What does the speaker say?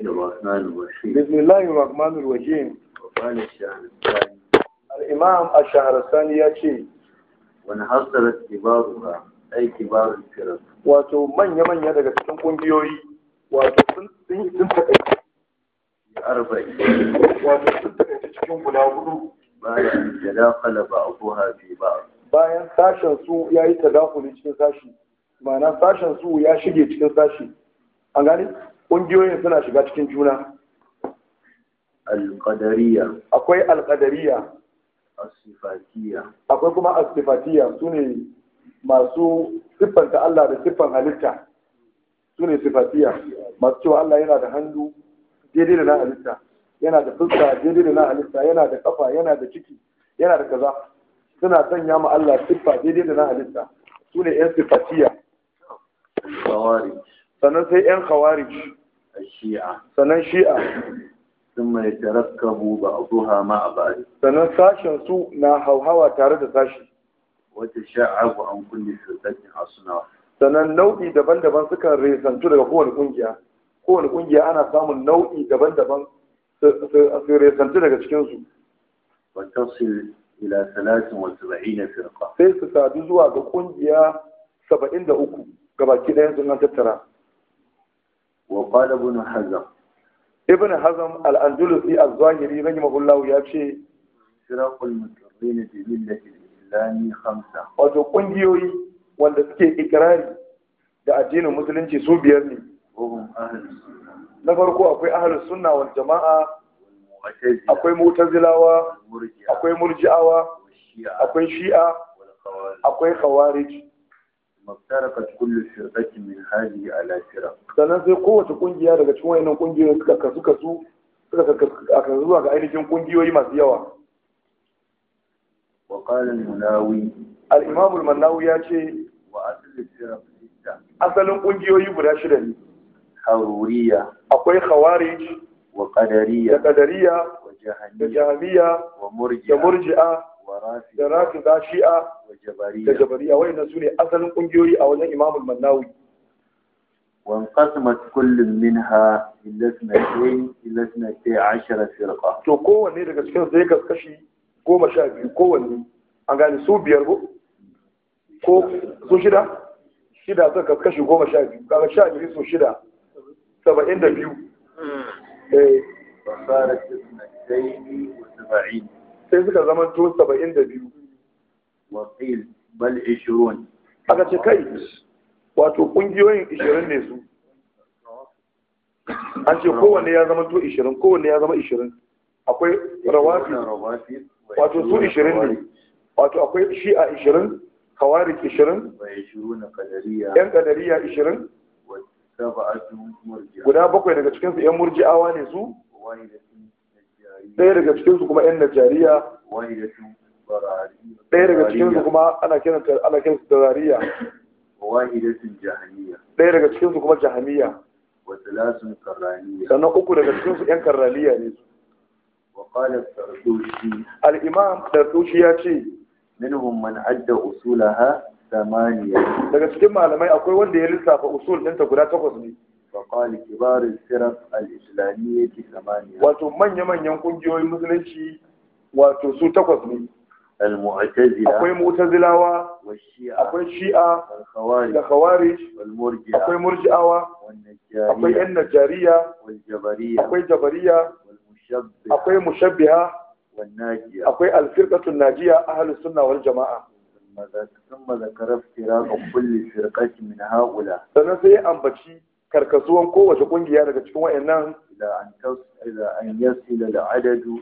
الله الرحمن الرحيم بسم الله الرحمن الرحيم وقال الشهر الثاني الإمام الشهر الثاني يأتي وانحصرت كبارها أي كبار الفرق واتو من يمن يدك تكون قنبيوي واتو sun taƙaice arba'in wato sun taƙaice cikin guda hudu bayan tadakala ba abu ba bayan sashen su ya yi tadakuli cikin sashi ma'ana sashen su ya shige cikin sashi an gane ƙungiyoyin suna shiga cikin juna alƙadariya akwai alƙadariya asifatiya akwai kuma asifatiya su ne masu siffanta Allah da siffan halitta su ne sifatiya masu cewa Allah yana da hannu daidai da na halitta yana da fuska daidai da na halitta yana da kafa yana da ciki yana da kaza suna sanya ma Allah siffa daidai da na halitta su ne yan sifatiya sannan sai yan khawarij shi'a sannan shi'a sun mai a zuha ma a بعض sannan sashen su na hauhawa tare da sashi wata sha'abu an kulli firqatin asunawa. sannan nau'i daban-daban sukan resantu daga kowane kungiya kowane kungiya ana samun nau'i daban-daban su resantu daga cikinsu su ila salatin wa saba'ina firqa sai su sadu zuwa ga kungiya saba'in da uku gabaki ɗayan sun tattara وقال Hazam حزم ابن حزم الأندلسي الظاهري رحمه الله يأتي فراق wato ƙungiyoyi wanda suke ikirari da addinin musulunci su biyar ne na farko akwai ahlus sunna wal jama'a akwai mu'tazilawa akwai murji'awa akwai shi'a akwai khawarij maftaraka kullu firqatin min hadhihi ala firaq sannan sai kowace kungiya daga cikin wayannan kungiyoyi suka kasu kasu suka kasu zuwa ga ainihin kungiyoyi masu yawa wa qala al-munawi al-imam al-munawi ya ce wa asl al-firaq asalin kungiyoyi guda shida ne haruriya akwai khawarij wa qadariyya da qadariyya wa jahmiyya wa murji'a da rafida shi'a da jabariya wani su ne asalin kungiyoyi a wajen imamul mannawi وانقسمت كل منها إلى اثنتين إلى اثنتي عشر فرقة to kowanne daga cikin zai kaskashi goma sha biyu kowanne an gane su biyar ko ko su shida shida zai goma sha biyu kaga sha biyu su shida saba'in da biyu hmm. eh. sai suka zama to saba'in da biyu waƙil bal ishirun aka ce kai wato ƙungiyoyin ishirin ne su an ce kowanne ya zama to ishirin kowanne ya zama ishirin akwai rawafi wato su ishirin ne wato akwai shi a ishirin kawarik ishirin yan kadariya ishirin guda bakwai daga cikinsu yan murji'awa ne su ɗaya daga cikinsu kuma yan najeriya. ɗaya daga cikinsu kuma ana kiranta ana kiransu da zariya ɗaya daga cikinsu kuma jahamiya sannan uku daga cikinsu ‘yan karraliya ne su al'imam ɗarɗoshi ya ce minhum man adda usulaha samaniya daga cikin malamai akwai wanda ya lissafa usul ɗinta guda takwas ne faƙali kibarin sirar al-islamiyya ke samaniya wato manya-manyan ƙungiyoyin musulunci wato su takwas ne akwai mutazilawa akwai shi'a da kawari. akwai murji'awa akwai yan najariya akwai jabariya akwai mushabbiha akwai alfirqatun najiya ahlus sunna wal jama'a ثم ذكر افتراق كل فرقة من هؤلاء sannan sai ambaci karkasuwan kowace kungiya daga cikin wayannan ila an tasila an yasila al adadu